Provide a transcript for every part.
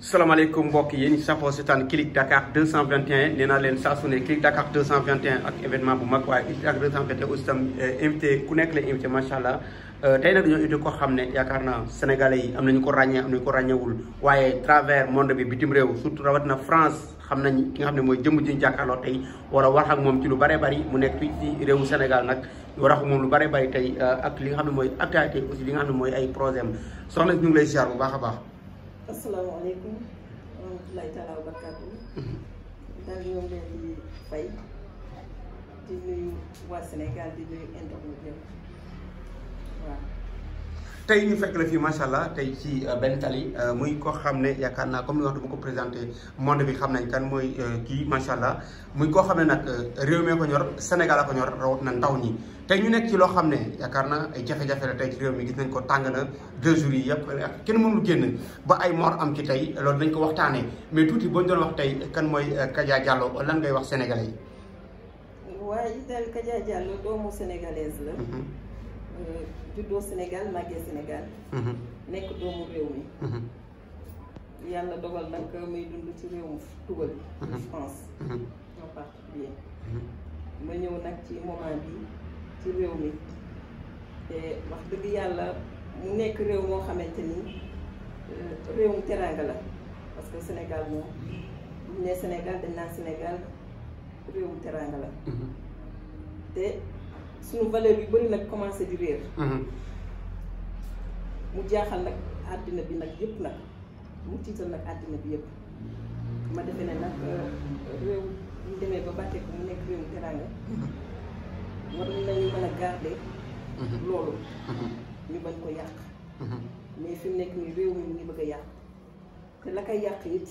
salaamaaleykum mbokk yéen safoo seetaan Click Dakar 221 nee naa leen saa su ne Click Dakar 221 ak événement bu mag waaye Click Dakar 221 aussi tam euh, invité ku nekk la invité macha allah euh, tey nag dañoo invité koo xam ne yaakaar naa sénégalais yi am nañu ko ràññee am nañu ko ràññewul waaye travers monde bi bitim réew surtout rawatina France xam nañ ki nga xam ne mooy jëmm ji jàkkaarloo tey war a wax ak moom ci lu bare bari mu nekk fii ci réewu Sénégal nag war a wax moom lu bare bari tey euh, ak li nga xam ne mooy actualité aussi li nga xam ne mooy ay projet am soxna ñu ngi lay ziar bu baax a asalaamaaleykum wa rahmatulahi taala wa barakaatu. waa Sénégal di nuyu internet yëpp waaw. tey ñu fekk la fii macha allah tey ci euh, benn tali euh, muy ko xam ne yaakaar naa comme ni wax ko présenté monde bi xam nañ kan mooy euh, kii macha allah muy koo xam ne nag réew mee ko ñor Sénégal a ñor rawat na ndaw nii tey ñu nekk ci loo xam ne yaakaar na ay jafe-jafe la tey ci réew mi gis nañ ko tàng na deux jours yi yëpp euh, kenn moom lu génn ba ay mort am ci tey lool dañ ko waxtaanee mais tuuti boo doon wax tey kan mooy euh, Kadia Diallo lan ngay wax sénégalais yi. waaye itam Kadia Diallo doomu sénégalaise la. Mhm. Euh, juddoo Sénégal màggee Sénégal. Mhm. nekk doomu réew mi. Mhm. yàlla dogal nag muy dund ci réewum tugal. France. en particulier ma ñëw nag ci moment bi ci réew mi te wax dëgg yàlla mu nekk réew moo xamante ni euh, réewum teraanga la parce que Sénégal moom bu ñu nee Sénégal dañ naan Sénégal réewum teraanga la mm-hmm. te suñu valeur yu bari nag commencé di réer mm-hmm. mu jaaxal nag àddina bi nag yëpp nag mu tiital nag àddina bi yëpp ma defe ne nag euh, réew ñu demee ba bàtteeku mu nekk réewum teraanga mm-hmm. war mhm. loolu. Mhm. ñu bañ ko yàq. Mhm. mais fi mu nekk nii réew mi mu bëgg a yàq te la koy yàq it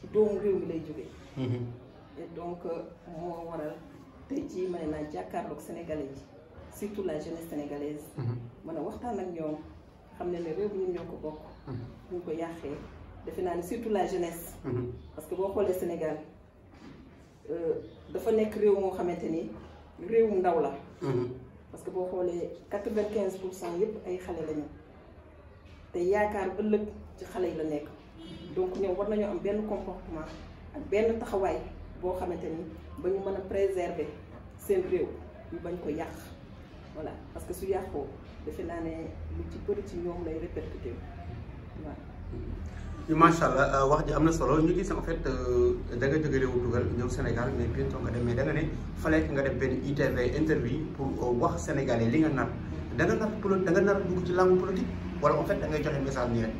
ci doomu réew mi lay jóge et donc euh, moo waral tey jii ma ne naa jàkkaarloog sénégalais yi surtout la jeunesse sénégalaise. mën a waxtaan ak ñoom xam ne ne réew mi ñun ñoo ko bokk. ñu ko yàqee defe naa ne surtout la jeunesse. parce que boo xoolee Sénégal euh, dafa nekk réew moo xamante ni. réewum ndaw la. Mhm. parce que boo xoolee quatre vingt quinze pour cent yëpp ay xale lañu te yaakaar ëllëg ci xale yi la nekk. donc ñoom war nañoo am benn comportement ak benn taxawaay boo xamante ni ba ñu mën a préserver seen réew ñu bañ ko yàq voilà parce que su yàqoo defe naa ne lu ci bëri ci ñoom lay répercuté waaw. macha allah euh, wax ji am na solo ñu gis en fait euh, da nga jóge réewu Tugal ñëw Sénégal mais bientôt nga dem mais da nga ne fallait nga def benn ITV interview pour euh, wax sénégalais li nga nar da nga nar polo da nga nar dugg ci langue politique wala en fait da joxe message nii rek.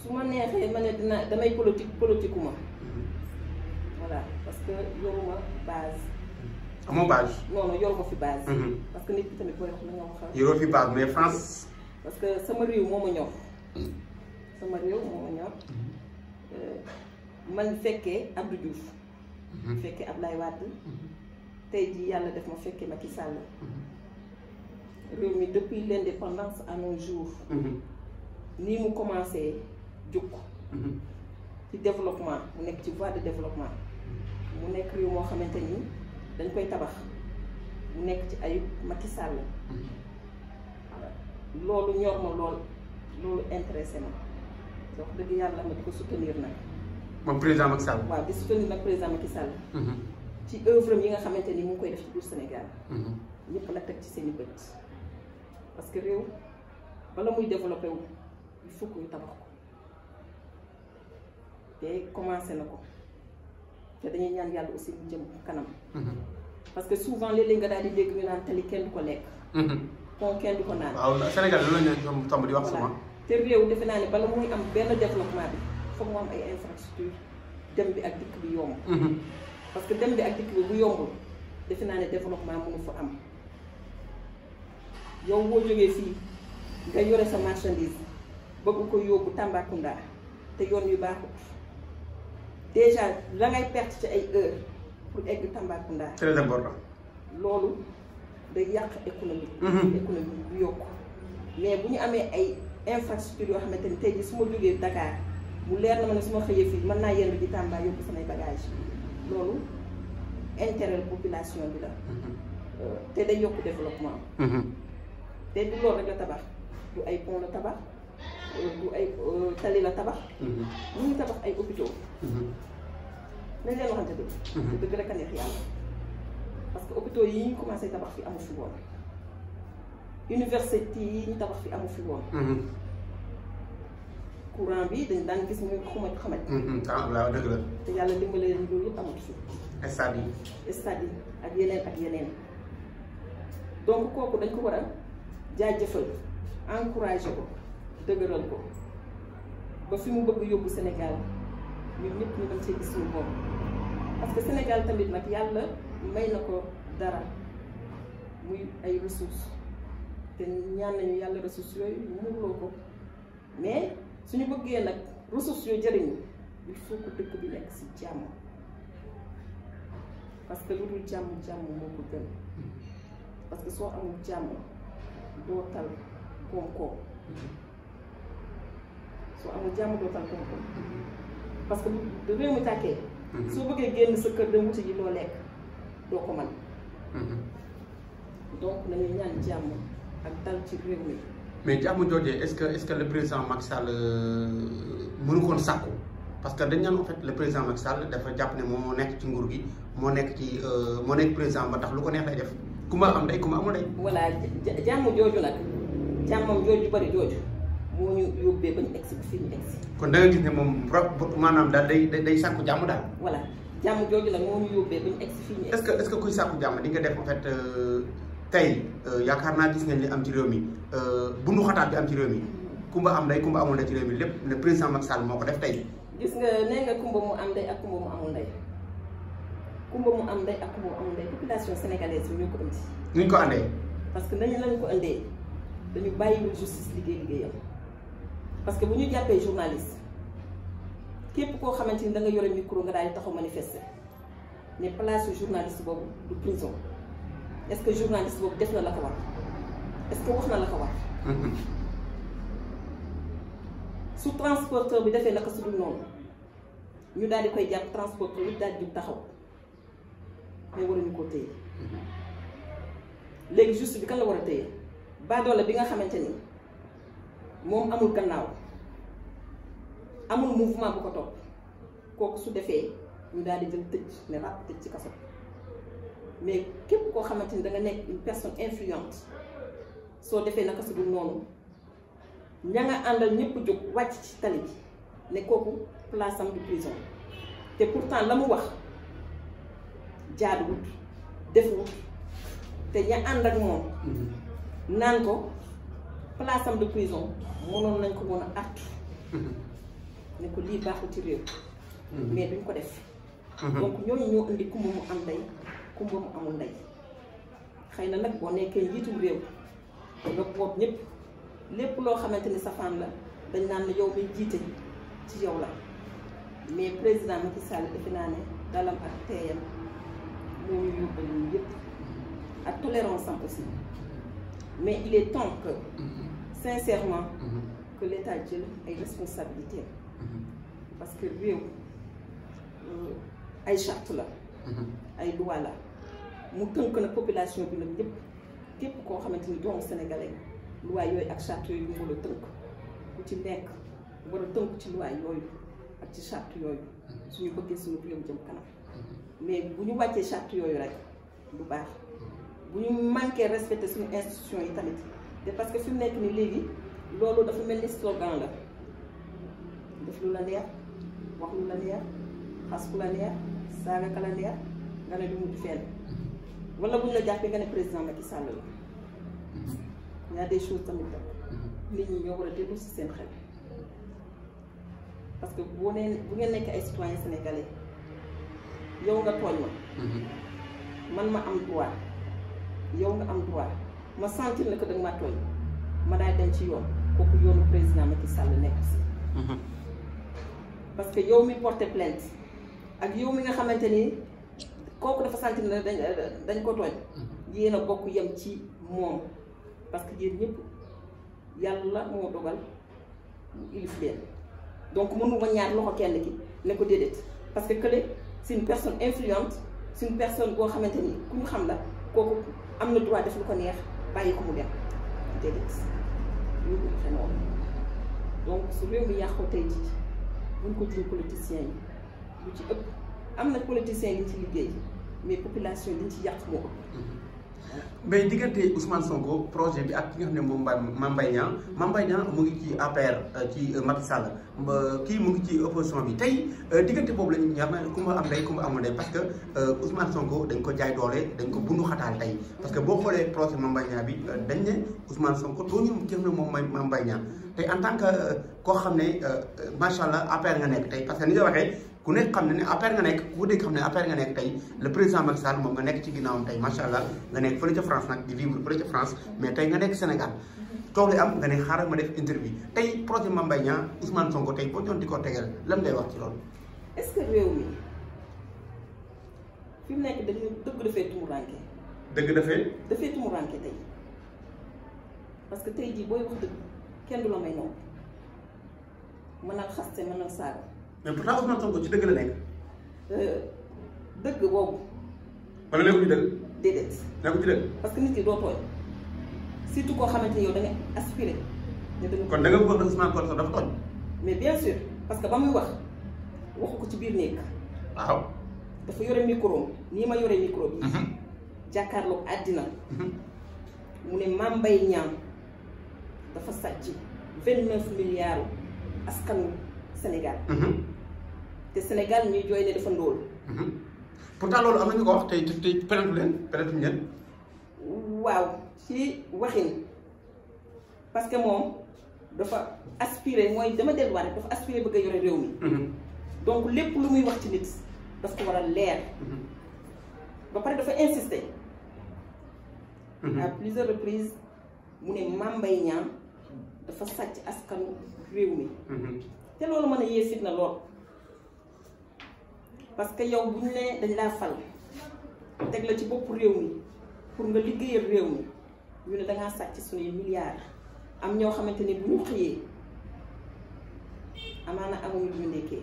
su ma neexee ma damay politique politique ma mhm. parce que yoruma base. amoo base. yoruma mhm. fi base. mais France. parce que sama réew moo ma ñor mm. sama réew moo ma ñor mm-hmm. man fekkee Abdou mu mm-hmm. fekkee Abdoulaye Wade mm-hmm. tey jii yàlla def ma fekkee Macky Sall réew mi depuis l'indépendance à nos jours nii mu commencé jóg ci développement mu nekk ci voie de développement mu nekk réew moo xamante ni dañ koy tabax mu nekk ci ayub Macky Sall loolu ñor ma lool loolu intéressé ma wax dëgg yàlla ma di ko soutenir nag. moom président Macky Sall. waaw di soutenir nag président Macky Sall. Mhm. ci œuvre yi nga xamante ni mu ngi koy def ci biir Sénégal. Mhm. ñëpp la teg ci seeni bët. parce que réew bala muy développé wu il faut ñu tabax ko te commencé na ko te dañuy ñaan yàlla aussi mu jëm kanam. Mhm. parce que souvent léeg-léeg nga daal di dégg ñu naan tali kenn du ko lekk. kon kenn du ko naan. waaw Sénégal loolu la ñu tomb di wax souvent. te réew defe naa ne bala muy am benn développement bi foog mu am ay infrastructure dem bi ak dikk bi yomb. Mhm. parce que dem bi ak dikk bi bu yombul defe naa ne développement mënu fa am yow boo jógee fii nga yore sa marchandise bëgg ko yóbbu Tambacounda te yoon yu baaxut déjà la ngay perte ci ay heures pour egg Tambacounda. très loolu. day yàq économie. Mhm. économie yokk mais bu ñu amee ay infrastructure yoo xamante ni tey jii su ma jógee Dakar bu leer na ma ne su ma xëyee fii mën naa yenn ji Tamba yóbbu samay bagage loolu intérêt population bi la. Mhm. Euh, te day yokk développement. Mhm. te du loolu rek la tabax du ay pont la tabax euh, du ay euh, tali la tabax. mu tabax ay hôpitaux. nañ leen te dëgg. dëgg rek a neex yàlla. parce que hôpitaux yi ñu commencé tabax fi amu fi woon université yi ñu tabax fi amu fi woon. Mhm. courant bi dañ daan gis muy xamat xamat. Mhm, ah waaw dëgg te yàlla dimbale loolu yëpp amatu fi. stade yi. ak yeneen ak yeneen donc kooku dañ ko war a jaajëfal encouragé ko dëgëral ko ba fi mu bëgg yóbbu Sénégal ñun ñëpp ñu dem see gis suñu bopp. parce que Sénégal tamit nag yàlla may na ko dara muy ay ressources te ñaan nañu yàlla ressources yooyu muurloo ko mais suñu bëggee nag ressources yooyu jëriñ il faut que dëkk bi nekk ci jàmm parce que lu dul jàmm jàmm moo ko gën parce que soo amul jàmm doo tal soo amul jàmm parce que bu réew mi tàkkee Mhm. soo bëggee génn sa kër dem wuti ji loo lekk doo ko man mhm. donc nañu ñaan jàmm ak dal ci réew mi mais jàmm joojee est-ce que est-ce que le président Macky Sall euh, mënu koon sàkku parce que dañ naan en fait le président Macky Sall dafa jàpp ne moo nekk ci nguur gi moo nekk ci euh, moo nekk président ma tax lu ko neex lay def ku ma am day ku ma amul day voilà jàmm jooju nag jàmmam jooju bari jooju moo ñu yóbbee ba ñu egg ñu egg kon da nga gis ne moom maanaam daal day day sàkku jàmm daal. voilà jàmm jooju nag moo ñu yóbbee ba ñu egg ñu egg que est ce que kuy sàkku di nga def en fait euh, tey euh, yaakaar naa gis ngeen li am ci réew mi euh, bu nu xataat bi am ci réew mi mm-hmm. kumba am ndey kumba amul ci réew lépp le président Macky Sall moo ko def tey. gis nga nee nga kumba mu am ndey ak kumba mu am ndey population sénégalaise bi ñu ko indi. ñu ko andee. parce que nañu lañ ko andee dañu bàyyiwul justice liggéey liggéeyam parce que bu ñu jàppee journaliste képp koo xamante ni da nga yore micro nga daal di taxaw manifester ne place journaliste boobu du prison est-ce que journaliste boobu def na la ko war est-ce que wax na la ko war. Mm-hmm. su transporteur bi defee naka su dul noonu ñu daal di koy jàpp transporteur bi daal di taxaw mais waruñu koo téye mm-hmm. léegi juste bi kan la war a téye baadoola bi nga xamante ni. moom amul gannaaw amul mouvement bu ko topp kooku su defee ñu daal di jël tëj ne ràpp tëj ci kaso mais képp koo xamante ni da nga nekk une personne influente soo defee naka su dul noonu ña nga àndal ñëpp jóg wàcc ci tali bi ne kooku place am du prison te pourtant la mu wax jaaduwut defuwut te ña ànd ak moom mm-hmm. naan ko place de prison mënoon nañ ko mën a artu ko lii baaxul ci réew mhm. mais duñ ko def mhm. donc ñooñu ñoo indi kumba mu am ndey kumba mu amul ndey xëy na nag boo nekkee njiitum réew te nga boot lépp loo xamante ni safaan la dañ naan la yow mi jiite ci yow la mais président Macky Sall defe naa ne dalam ak teeyam moo ñu yóbbal yëpp ak tolérance am aussi mais il est temps que mm-hmm. sincèrement mm-hmm. que l'État jël ay responsabilités mm-hmm. parce que réew euh, ay charte la ay loi la mu tënk na population bi la ñëpp képp koo xamante ni doomu sénégalais loi yooyu ak charte yooyu moo la tënk ku ci nekk war a tënk ci loi yooyu ak ci charte yooyu suñu bëggee suñu réew jëm kanam mais bu ñu wàccee charte yooyu rek du baax bu ñu manqué respecté suñu institution yi tamit te parce que fi mu nekk ni léegi loolu dafa mel ni slogan la def lu la neex wax lu la neex xas ku la neex saaga ka la neex nga ne du mu fenn wala buñ la jàppee nga ne président Macky Sall la y a des choses tamit mm-hmm. nit ñi ñoo war a déglu si seen xel parce que boo nee bu ngeen nekk ay citoyen sénégalais yow nga tooñ ma mm-hmm. man ma am droit yow nga am droit ma sentir ne que danga maa tooñ ma daal dem ci yoon kooku yoonu président Macky Sall nekk mhm. parce que yow mi ak yow mi nga xamante ni kooku dafa sentir ne dañ dañ ko tooñ mhm. yéen a bokk yem ci moom parce que yéen ñëpp yàlla moo dogal mu ilif leen donc mënu ma ñaar loxo kenn ki ne ko déedéet parce que kële c'est une personne influente si une personne boo xamante ni ku ñu xam la. kooku am na droit def lu ko neex bàyyi ko mu dem déedéet yóbbu ko noonu donc su réew mi yàqoo tey jii buñ ko jur politiciens yi lu ci ëpp am na politiciens yi ci liggéey mais population liñ ci yàq moo ëpp mm-hmm. mais diggante Ousmane Sonko projet bi ak ki nga xam ne moom Mame Mbaye mu ngi ci APR euh, ci euh, Macky Sall kii mu ngi ci opposition bi tey euh, diggante boobu la ñu ñaar ku ma am day ku ma amul parce que Ousmane Sonko ko jaay doole dañ ko bundu xataal tey parce que boo xoolee projet Mame bi dañ ne Ousmane Sonko tooñul ki nga xam ne moom mooy Mame Mbaye Niang en tant que koo xam ne macha allah APR nga nekk tey parce que ni nga waxee ku nekk xam ne ne APR nga nekk ku dégg xam ne APR nga nekk tey le président Macky Sall moom nga nekk ci ginnaawam tey macha allah nga nekk fële ca France nag di vivre fële ca France mais tey nga nekk Sénégal toog li am nga ne xaaral ma def interview tey projet Mame Mbaye Niang Ousmane Sonko tey boo doon di ko tegal lan lay wax ci loolu. est réew mi fi mu nekk dañu dëgg dafay tumurànke. dëgg dafay. dafay tumurànke tey parce que tey jii booy wax dëgg kenn du la may ñëw mënal xaste mënal mais pourtant Ousmane Sonko ci dëgg la nekk. Euh, dëgg boobu. wala nekkul ci dëgg. déedéet. nekkul ci dëgg. parce que nit ki doo tooñ surtout koo xamante yow da nga aspiré. ne da nga kon da nga bëgg Ousmane Sonko dafa tooñ. mais bien sûr parce que ba muy wax waxu ko ci biir néeg. waaw. dafa yore micro nii ma yore micro bi. Mhm. jàkkaarloog àddina. Mhm. mu ne Mame Mbaye Niang dafa sàcc vingt neuf milliards askanu Sénégal. Mhm. te Sénégal ñuy jooy ne dafa ndóol. Mhm. pourtant loolu am na ñu ko wax tey tey peretu leen peretuñ leen. waaw ci waxin parce que moom dafa aspire mooy dama delluwaat rek dafa aspiré bëgg a yore réew mi. Mhm. donc lépp lu muy wax ci nit daf ko war a leer. Mhm. ba pare dafa insister. à plusieurs reprises mu ne Mame Mbaye Niang dafa sàcc askanu réew mi. te loolu mën a yee fit na lool. parce que yow bu ñu nee dañ laa fal teg la ci boppu réew mi pour nga liggéeyal réew mi ñu ne dangaa sàcc suñuy milliards am ñoo xamante ni bu ñu xëyee amaana amuñu lu ñu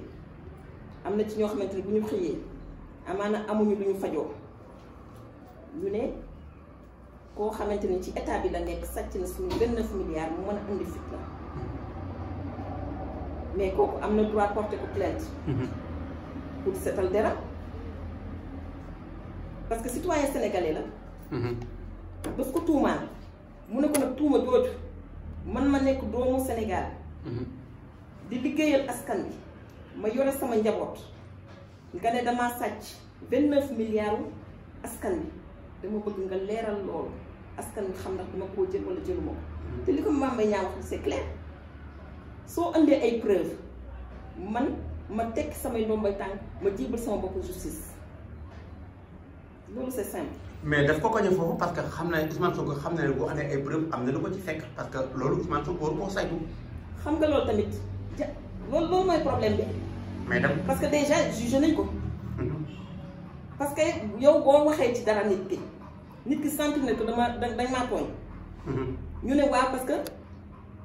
am na ci ñoo xamante ni bu ñu xëyee amaana amuñu lu ñu fajoo ñu ne koo xamante ni ci état bi la nekk sàcc na suñu benn milliards mu mën a indi fitna mais kooku am na droit porter ko pour setal deram parce que citoyen sénégalais la. Mhm. bés ko tuumaal mu ne ko nag tuuma jooju man ma nekk doomu Sénégal. Mhm. di liggéeyal askan bi ma yore sama njaboot nga ne damaa sàcc vingt neuf askan bi dama bëgg nga leeral loolu askan bi xam ndax dama koo jël wala jëluma ko. Mhm. te li ko Mame Mbaye Niang wax c'est clair soo andee ay preuves man. ma tekki samay ndombay tànk ma jiibal sama bopp justice loolu c'est simple. mais daf ko ko ñu foofu parce que xam na Ousmane Sonko xam na ne boo xam ne ay am na lu ko ci fekk parce que loolu Ousmane Sonko waru koo saytu. xam nga loolu tamit ja loolu loolu mooy problème bi. mais dem parce que déjà jugé nañ ko. Mhm. parce que yow boo waxee ci dara nit ki nit ki sant ne ko dama dañ maa tooñ. Mhm. ñu ne waaw parce que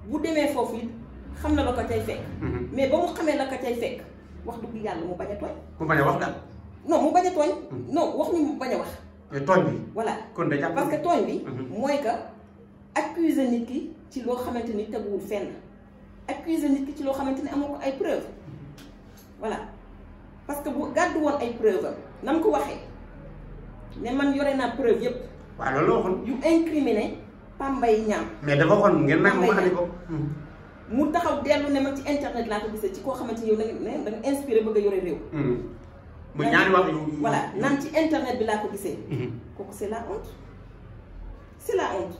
bu demee foofu it. xam na la ko cay fekk. Mhm. mais ba mu xamee la ko cay fekk wax dëgg yàlla mu bañ a tooñ. mu bañ a wax daal. non mu bañ a tooñ. Mhm. non wax mu bañ a wax. tooñ bi. voilà kon day parce que tooñ bi. Mhm. mooy que accuser nit ki ci loo xamante ni teguwul fenn. accuser nit ki ci loo xamante ni amoo ko ay preuve voilà parce que bu gàddu woon ay preuve am na mu ko waxee ne man yore naa preuve yëpp. waa loolu la waxoon. yu incriminé Pambay Niang. mais dafa waxoon ngeen naan mu ko. mu taxaw dellu ne ma ci internet laa ko gisee ci koo xamante ni yow da nga da bëgg a yore réew. bu hmm. ñaari naan ci internet bi laa ko gisee. Hmm. kooku si la honte c'est la honte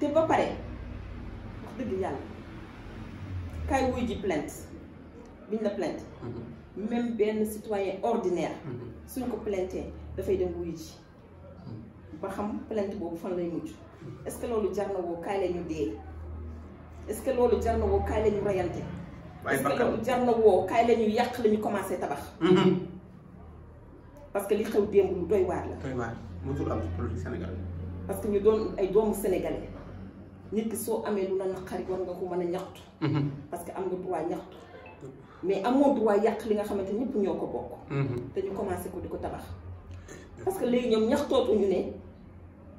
te ba pare wax dëgg yàlla kay wuy ji plainte biñ la plainte. Hmm. même benn citoyen ordinaire. suñ ko plainté dafay dem wuy ba xam plainte boobu fan lay mujj. est-ce que loolu jar na woo kaay la dee. est-ce que loolu jar na woo kaay la ñu rayante est-ce que loolu jar na woo kaay la yàq la ñu commencé tabax mm-hmm. parce que li xew démb lu doy waar la doy waar mosul am ci politique Sénégal parce que ñu doon ay doomu sénégalais nit soo amee lu la naqari ko mën a ñaxtu mm-hmm. parce que am nga droit ñaxtu mais amoo droit yàq li nga xamante ñëpp ñoo ko bokk mm-hmm. te commencé ko di ko tabax parce que léegi ñoom ñaxtootuñu ne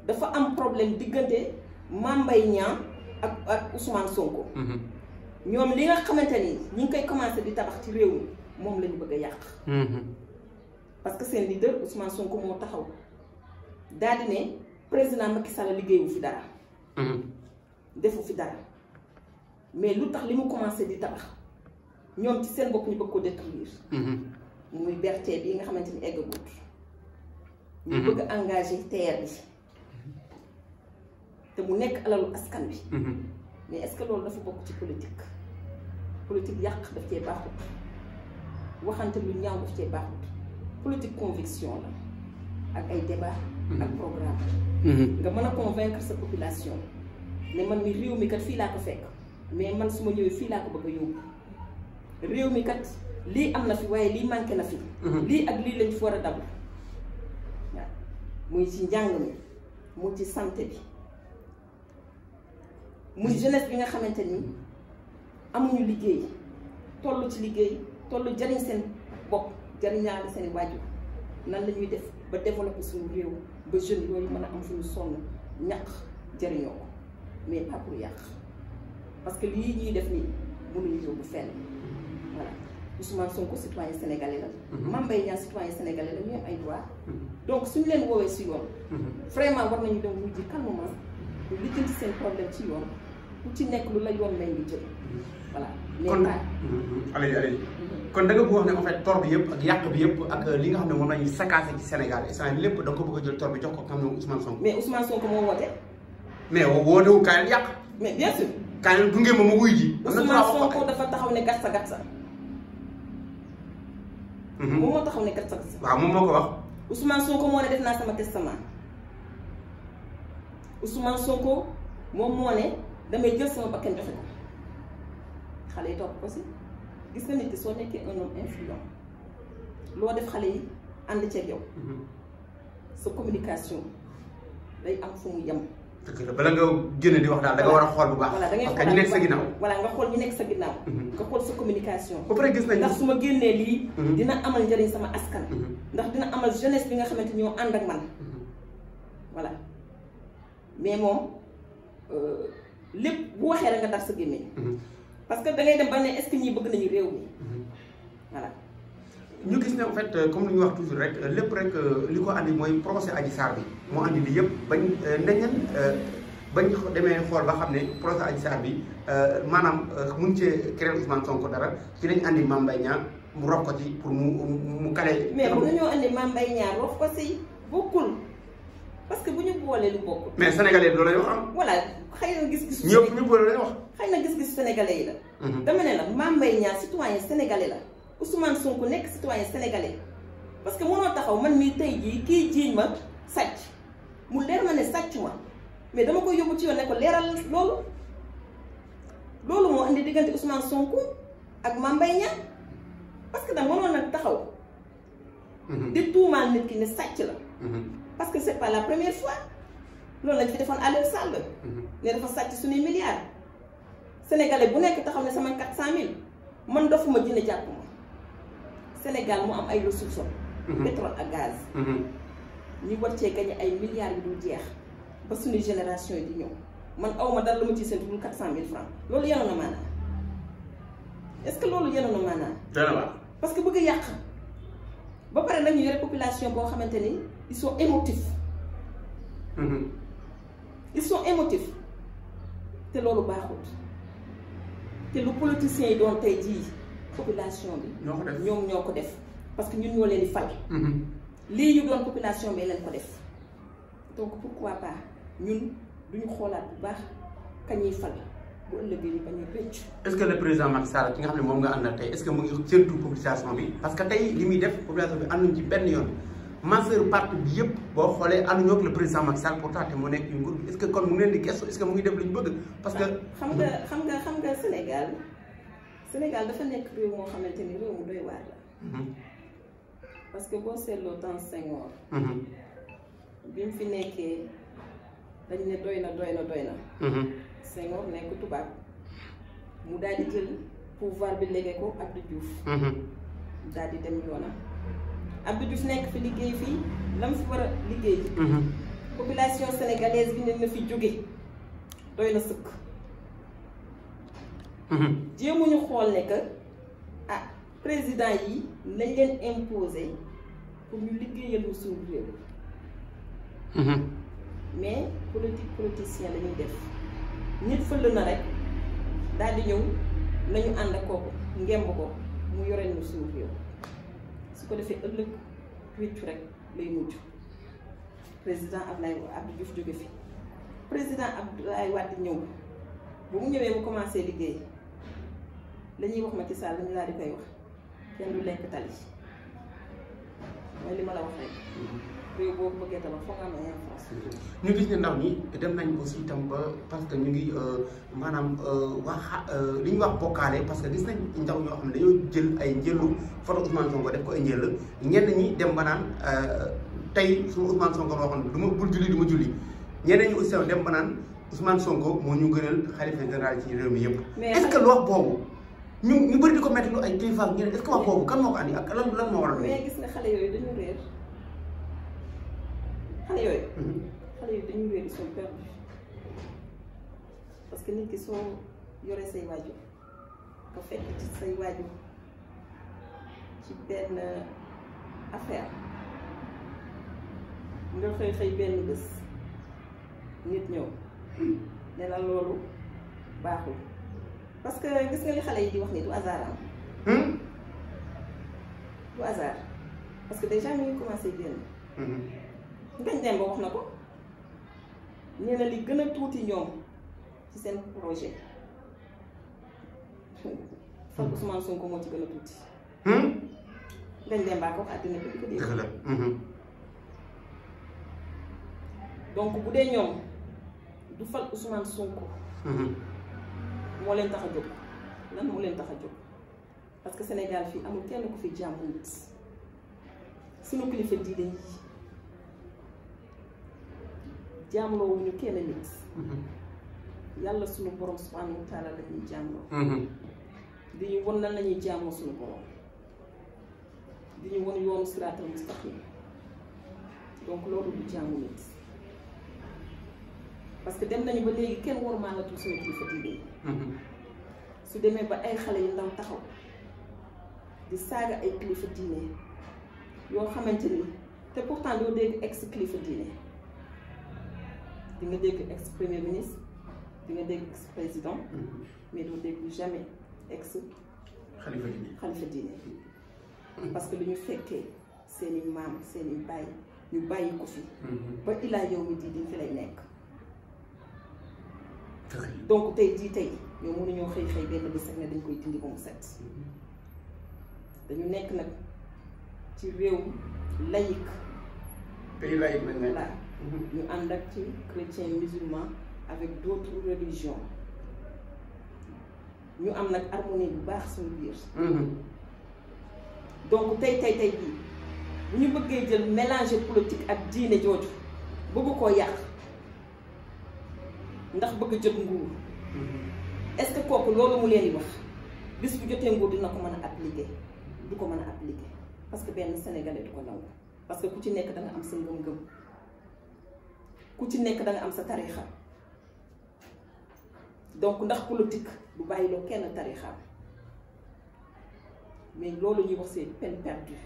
dafa am problème diggante Mame Mbaye ak ak Ousmane Sonko. Mhm. ñoom li nga xamante ni ñu ngi koy commencé di tabax ci réew mi moom la ñu bëgg a yàq. Mhm. parce que seen leader Ousmane Sonko moo taxaw daal di ne président Macky Sall liggéeyu fi dara. Mhm. defu fi dara mais lu tax li mu commencé di tabax ñoom ci seen bopp ñu bëgg ko détruire. muy berté bi nga xamante ni eggagut. ñu bëgg engagé terre bi. te mu nekk alalu askan bi mhm. mais est que loolu dafa bokk ci politique politique yàq daf cee baaxut waxante lu ñaaw daf cee baaxut politique conviction la ak ay débat mhm. ak programme mhm. nga mën a convaincre sa population ne man mi réew mi kat fii laa ko fekk mais man su ma ñëwee fii laa ko bëgg a réew mi kat lii am na fi waaye lii manqué na fi lii ak lii lañ fi war a dab waaw muy ci njàng mi mu ci santé bi muy jeunesse bi nga xamante ni am amuñu liggéey toll ci liggéey toll jariñ seen bopp jariñaale seen waajur nan lañuy def ba développer suñu réew ba jeunes yooyu mën a am suñu sonn ñaq jariñoo ko mais pas yàq parce que lii ñuy def nii mënuñu yóbbu fenn voilà Ousmane Sonko citoyen sénégalais la. Mhm. Mame Mbaye Niang citoyen sénégalais la ñu am ay droit mhm. donc suñu leen woowee si yoon. Mhm. vraiment war nañu dem wuy ji calmement lijjanti seen problème ci yoon. ku ci nekk lu la yoon lay di jël voilà. kon mhm. kon da nga bëgg wax ne en fait tor bi yëpp ak yàq bi yëpp ak euh, li nga xam ne moom la ñuy saccagé ci Sénégal Sénégal lépp ko bëgg a jël tor bi jox ko xam ne Ousmane Sonko. mais Ousmane Sonko moo woote. mais mais bien sûr. kaayal gunge ji. am na Ousmane Sonko dafa taxaw ne gatsa gatsa. Mhm. moom moo taxaw ne gatsa gatsa. waaw moom ko wax. Ousmane Sonko moo ne def naa sama moom moo ne. damay jël sama bakkan joxe ko xale yi topp ko si gis na nit ki soo nekkee un homme influent loo def xale yi ànd ceeg yow mhm. sa communication day am fu mu yem. dëgg la bala nga génne di wax daal da nga war a xool bu baax. voilà da ngay xool parce que ñu nga xool ñu nekk sa ginnaaw. Mhm. nga xool sa communication. ba pare gis nañu ndax su ma génnee lii. Mhm. dina amal njëriñ sama askan. ndax dina amal jeunesse bi nga xamante ñoo ànd ak man. voilà mais moom. Euh, lépp bu waxee rek nga daf sa gémmiñ mhm. parce que da ngay dem ba ne est-ce que ñii bëgg nañu réew mi mhm. voilà ñu gis ne en fait euh, comme lu ñu wax toujours rek euh, lépp rek euh, li ko andi mooy procès Adji Sarr bi moo andi li yëpp bañ ndeñeen bañ demee xool ba xam ne procès Adji Sarr bi maanaam mun cee créer Ousmane Sonko dara ci lañ andi Mame Mbaye Niang mu rof ko ci pour mu mu kale mais bu ñu ñoo andi Mame Mbaye Niang rof ko ci bokkul parce que bu ñu boolee lu bokk. mais sénégalais bi loolu la ñu am. voilà xëy na gis-gis. ñëpp ñu la ñu wax. xëy na gis-gis sénégalais yi la. Mhm. dama ne la Mame Mbaye Niang citoyen sénégalais la Ousmane Sonko nekk citoyen sénégalais parce que mënoo taxaw man mii tey jii kii jiiñ ma sàcc mu leer ma ne sàcc ma mais dama koy yóbbu ci yoon ne ko leeral loolu loolu moo indi diggante Ousmane Sonko ak Mame Mbaye Niang parce que da mënoon nag taxaw. Mhm. di tuumaal nit ki ne sàcc la. Mhm. parce que c'est pas la première fois loolu lañ fi defoon Aliou Sall. Mhm. ne dafa sàcc suñuy milliards. sénégalais bu nekk taxaw ne sama 400000 man dofuma jënd jàpp ma Sénégal mu am ay ressources. Mhm. pétrole ak gaz. Mhm. ñu war cee gagné ay milliards yu dul jeex ba suñu génération yi di ñëw man awma dara lu ma ciy séntu lu 400000 francs loolu yenoon na maanaam est que loolu yenoon na maanaam. parce que bëgg yàq ba pare nag yore population boo xamante ni. ils sont émotifs. Mm-hmm. ils sont émotifs te loolu baaxut te lu politiciens yi doon tey jii population bi. ñoom ñoo ko def parce que ñun ñoo leen di fal. Mm-hmm. lii ñu doon population bi leen ko def donc pourquoi pas ñun duñu xoolaat bu baax kañ ñuy fal bu ëllëgee ñu bañ a rëcc. est-ce que le président Macky Sall ki nga xam ne moom nga àndal tey est que mu ngi surtout population bi parce que tey li muy def population bi am ànduñ ci benn yoon. majeure partie bi yëpp boo xoolee ànduñu ak le président Macky Sall pourtant te mu nekk yu nguur est-ce que kon mu ngi leen di gestu est-ce que mu ngi def lu bëgg. parce que ah, xam nga xam nga xam nga Sénégal Sénégal dafa nekk réew moo xamante ni réew mu doy waar la. Mhm. parce que boo seetloo temps Senghor. Mhm. bi mu fi nekkee dañ ne doy na doy na doy na. Mhm. Senghor nekk tubaab mu daal di jël pouvoir bi léegi ko Abdou Diouf. daal di dem yoonam. ju Diouf nekk fi liggéey fii lam fi war a liggéey. Mhm. population sénégalaise bi ne na fi jóge doy na sëkk. Mhm. jéemuñu xool ne que ah président yi lañ leen imposer pour ñu liggéeyal ñu suñu réew. Mhm. mais politique politicien la ñuy def nit fël na rek daal di ñëw nañu ànd kooku ngemb ko mu yore ñu suñu réew. su ko defee ëllëg réccu rek lay mujj président Ablaye Abdou Diouf jóge fi président Abdoulaye Wade ñëw bu mu ñëwee mu commencé liggéey la ñuy wax Macky saal lañu daal di koy wax kenn du lekk tali mooy li ma la wax rek réew boo ko bëggee tabax ñu gis ne ndaw ñi dem nañ aussi itam ba parce que ñu ngi euh, maanaam euh, wax euh, li ñu wax bokkaale parce que gis nañ ndaw ñoo xam ne dañoo jël ay njëlu photo Ousmane Sonko def ko ay njël ñenn ñi dem ba naan tey suma Ousmane Sonko waxoon du bul julli du julli ñeneen ñi aussi dem ba naan Ousmane Sonko moo ñu gënal xalifa général ci réew mi yëpp. est-ce que lu wax boobu. ñu ñu bëri di ko métti lu ay kilifa ak ñeneen est-ce que wax boobu kan moo ko andi ak lan lan moo war a. mais xale yooyu xale yooyu dañu wéeru sont perdus parce que nit ki soo yoree say waajur nga fekk ci say waajur ci benn affaire nga xëy xëy benn bés nit ñëw ne la loolu baaxul parce que gis nga xale yi di wax ni du er hasard mm. du hasard parce que déjà ñu ngi ngañ dem ba wax na ko nee na li gën a tuuti ñoom ci seen projet fal Ousmane Sonko moo ci gën a tuuti. Hmm? ngañ dem ba ko wax àddina di ko dégg. Hmm. donc bu dee ñoom du fal Ousmane Sonko. Hmm. moo leen tax a jóg lan moo leen tax a jóg parce que Sénégal fii amul kenn ku fi jàmm nit sunu kilifa diine yi. jaamloo wuñu kenn nit mhm. yàlla suñu borom subhanahu wa taala la ñuy mhm. di ñu won lan la ñuy jaamoo suñu borom di ñu won yoonu siraatal mustaqim donc loolu du jaamu nit parce que dem nañu ba léegi kenn war suñu kilifa diine mhm. su demee ba ay xale yu ndaw taxaw di saaga ay kilifa diine yoo xamante ni te pourtant doo dégg ex kilifa diine di dégg ex premier ministre di nga dégg ex président mm-hmm. mais doo dégg jamais ex xalifa diine mm-hmm. parce que lu ñu fekkee seeni i maam seen bàyyi ñu bàyyi ko fi mm-hmm. ba ilaa yow mi di diñ lay nekk donc tey jii tey ñoo mënuñoo xëy xëy benn bés dañ koy dindi ba mu set dañu nekk nag ci réew laïque pays laïque lañ nekk ñu ànd ak ci chrétien musulman avec d' autres ñu am nag harmonie bu baax suñu biir mm-hmm. donc tey tey tey bii bu ñu bëggee jël mélanger politique ak diine jooju bëgg koo yàq ndax bëgg jot nguur mm-hmm. est-ce kooku loolu mu leen di wax bis bu jotee nguur dina ko mën a appliquer du ko mën a appliquer parce que benn sénégalais du ko nangu parce que ku ci nekk da nga am sa ngëm-ngëm ku ci nekk da am sa tariixa donc ndax bu bàyyi bàyyiloo kenn tariixaam mais loolu ñuy wax c'est peine perdue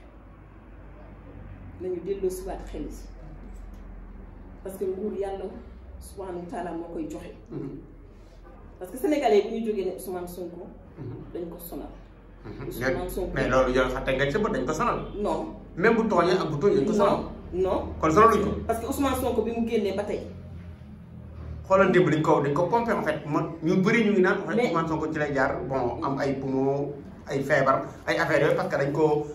nañu delloo siwaat xel yi parce que nguur yàlla subhanahu wa taala moo koy joxe mm-hmm. parce que sénégalais bu ñu jógee ne Ousmane Sonko mm-hmm. dañ ko sonal mm-hmm. Ousmane Sonko mais loolu yow xam nga ca bët dañ ko sonal non même bu tooñee ak bu tooñee dañ ko sonal non kon saraluñ ko. parce que Ousmane Sonko bi mu génnee ba tey. xoolal démb dañ ko dañ ko pompé en fait man ñu bëri ñu ngi naan. mais Ousmane Sonko ci lay jaar bon am ay poumon ay feebar ay affaire yooyu parce que dañ ko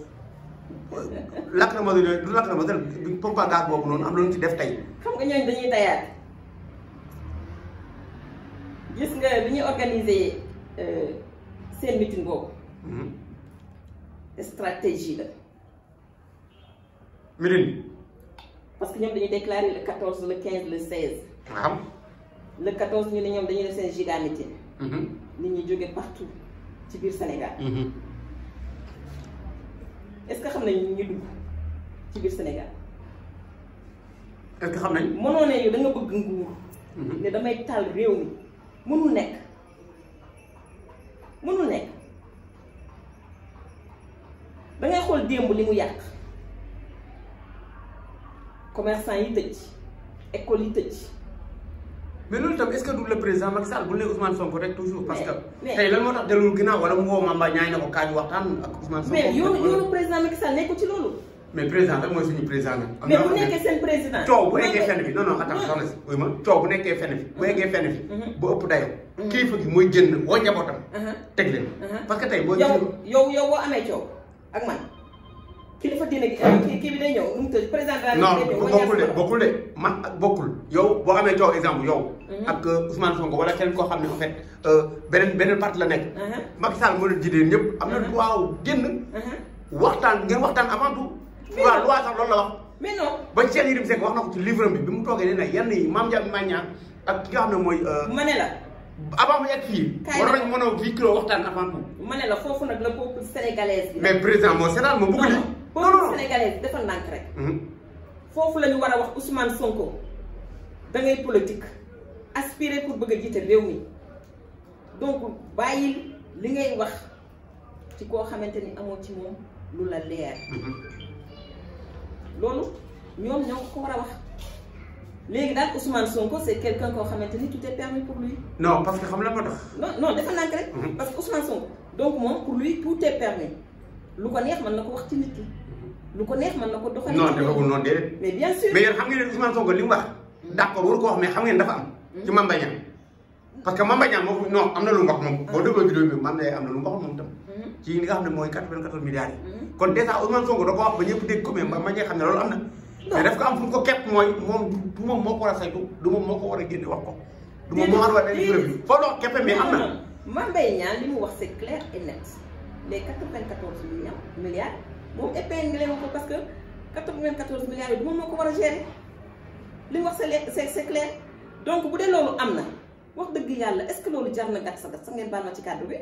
lakk na ma du lakk na ma du propagande boobu noonu am na lu ci def tey. xam nga ñooñu dañuy tayaat gis nga bi ñuy euh, seen meeting boobu. Hmm. stratégie la. mirin. parce que ñoom dañuy déclaré le 14 le 15 le 16. xam. le 14 ñu ne ñoom dañuy def seen giga meeting. Mhm. nit ñi jóge partout ci biir Sénégal. Mhm. est-ce que xam nañ ñu dugg ci biir Sénégal. est-ce que xam nañ. mënoo ne yow da nga bëgg nguur. Mhm. ne damay taal réew mi mënul nekk mënul nekk da xool démb li mu yàq. commerçant yi tëj école yi tëj. mais loolu tam est ce que du le président Macky Sall bu ne Ousmane Sonko rek toujours. parce que tey lan moo tax delul ginnaaw wala mu woo Mamba ñaay na ko kaañu waxtaan ak Ousmane Sonko. mais yoonu yoonu président Macky Sall nekkul ci loolu. mais président rek mooy suñu président mais bu nekkee seen président. coow bu nekkee fenn fi non non attends soxna si. coow bu nekkee fenn fi mhm. mhm. bu ëpp dayoo. Mhm. kilifa gi mooy jënd woo njabootam. teg parce que tey boo. yow yow yow boo amee kilifa diine gi kii bi day ñëw nu mu tëj président de la République. non bokkul de bokkul de man ak bokkul. yow boo amee coow exemple yow. Mhm. ak euh, Ousmane Sonko wala keneen koo xam ne en fait euh, beneen beneen parti la nekk. Mhm. Macky Sall moo leen jiite ñëpp. am na mhm. droit génn. waxtaan ngeen waxtaan avant tout. waaw loi sax loolu la wax. mais non ba Cheikh Yérim Seck wax na ko ci livre bi bi mu toogee nee na yenn yi maam Ndiaye Magna ak ki nga xam ne mooy. Euh, ma ne la. avant mu fii. kay waroon nañu a huit la foofu nag la peuple mais président moo sénal moo bëgg lii. non non peuple sénégalaise dafa rek. Mhm. foofu lañu ñu war a wax Ousmane Sonko da ngay aspirer pour bëgg a jiite réew mi donc bàyyil li ngay wax ci koo xamante ni amoo ci moom lu la leer. Mhm. loolu ñoom ñoo ko war a wax. léegi daal Ousmane Sonko c' est quelqu'un koo xamante ni tout est permis pour lui. non parce que xam la ma tax. non non dafa nànk rek. Mhm. parce que Ousmane Sonko donc moom pour lui tout est permis lu ko neex mën na ko wax ci nit lu ko neex mën na ko doxalee. non defagul noonu déedéet. mais bien xam ne Ousmane Sonko li am. ci Mame Mbaye Niang lu mu wax moom. Ah. lu mu wax moom tam. Mhm. ci li nga xam ne mooy quatre-vingt-quatorze milliards yi. Mhm. kon dèjà Ousmane Sonko da ko wax ba ñëpp dégg ko mais Mame Mbaye Niang xam ne loolu am na mais daf ko am fu mu ko képp mooy moom du moom moo ko war a saytu du moom moo ko war a génne wax ko. du moom moo war a leen gërëm foo doon képp mais am na. li mu wax c'est clair et net les 94 moom épinglé ma ko parce que 94 milliards yi du moom moo ko war a gérer li mu wax c'est c'est clair donc bu dee loolu am na wax dëgg yàlla est-ce que loolu jar na gàtt sa gàtt sax ngeen baal ma ci kàddu bi.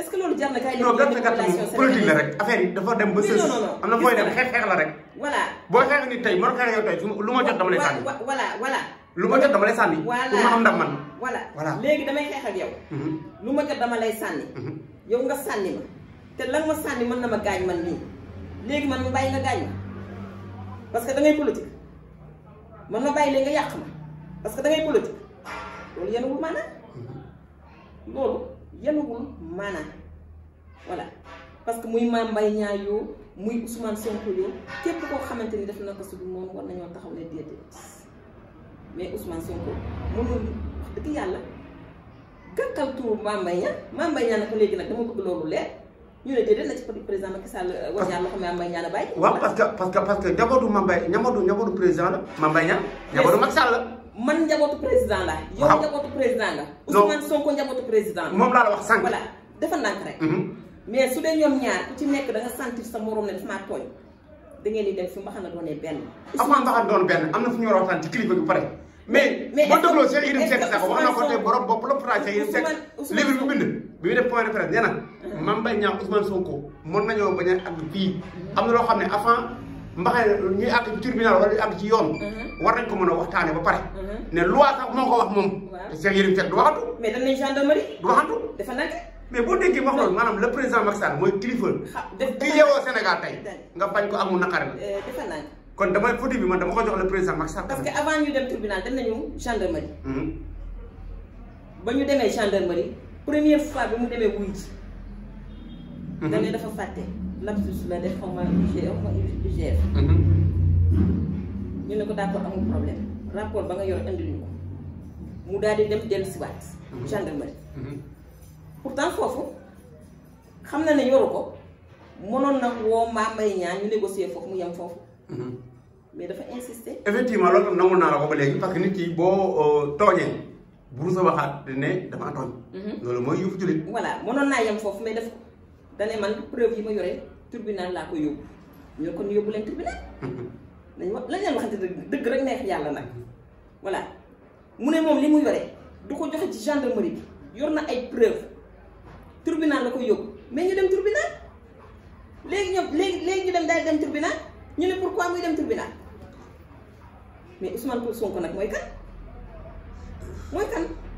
est-ce que loolu jar na kaay non gàtt gàtt politique la rek affaire yi dafa dem ba sës am na fooy dem xeex xeex la rek yow tey lu ma jot dama man voilà léegi damay xeex ak yow mhm. lu ma jot dama lay sànni mhm. yow te lan ma sànni mën na ma gaañ man nii léegi ma bàyyi nga gaañ ma parce que da ngay politique man ma bàyyi léegi nga yàq parce que da ngay a wul mhm. loolu yenuwul maanaam voilà parce que muy Mame Mbaye Niang yoo muy Ousmane Sonko yoo képp koo xamante ni def na ko si moom war nañoo taxaw ne déedéet mais Ousmane Sonko mënul wax dëgg yàlla gàkkal turu Mame Mbaye Niang Mame Mbaye Niang léegi nag dama bëgg loolu leer ñu ne déedéet la ci président Macky Sall euh, war ñaar loxo Mame Mbaye Niang la bàyyi. waaw parce que parce que parce que njabootu Mame Mbaye njabootu njabootu président la Mame njabootu Macky Sall la. man njabootu président la yow njabootu président la Ousmane Sonko njabootu président la moom la wax sànq voilà dafa ndànk mhm. su dee ñoom ci nekk da sa morom ne daf maa tooñ di dem fi mbaxana doonee benn avant mbaxana doon a waxtaan ci kilifa bi na ko tey borom bopp la pourtant Cheikh Yérim Seck livre bu bind bi mu na uh-huh. Mame Mbaye Niang Ousmane Sonko mën nañoo bañ a ak fii am na loo xam ne avant mbaxee ñuy àgg ci tribunal wala ñuy àgg ci yoon. Mhm. war nañ ko mën a waxtaanee ba pare. Mhm. ne loi sax moo ko wax moom. waaw seen yëriñ fekk du waxantu. mais dañ ne gendarmerie. du waxantu. dafa nag. mais boo déggee wax loolu maanaam le président Macky Sall mooy kilifa. def ki yeewoo Sénégal tey. nga bañ ko amul naqare la. Eh, dafa nag. kon damay foti bi ma dama ko jox le président Macky Sall. parce que avant ñu dem tribunal dem nañu gendarmerie. Mhm. ba ñu demee gendarmerie première fois bi mu demee wuyu ji. Mhm. dañ ne dafa fàtte lapsus la def xaw ma UG xaw ma ñu ne ko d'accord amul problème rapport ba nga yor indi mu daal di dem dellusiwaat mhm. gendarmerie mhm. pourtant foofu xam na ne yoru ko mënoon na woo maa may ñaan ñu négocier foofu mu yem foofu mais dafa insister. effectivement loolu tam nangu naa la ko ba léegi parce que nit ki boo euh, tooñee bu sa waxaat ne damaa tooñ loolu mooy yëfu jullit voilà mënoon naa yem foofu mais def ko dane man preuve yi ma yore tribunal laa ko yóbbu ñoo kon yóbbu leen tribunal dañ ma lañ leen waxante dëgg rek neex yàlla nag voilà mu ne moom li mu yore du ko joxe ci gendarmerie bi yor na ay preuve tribunal la ko yóbbu mais ñu dem tribunal léegi ñoom léegi léegi ñu dem daal dem tribunal ñu ne pourquoi muy dem tribunal mais Ousmane Sonko nag mooy kan mooy kan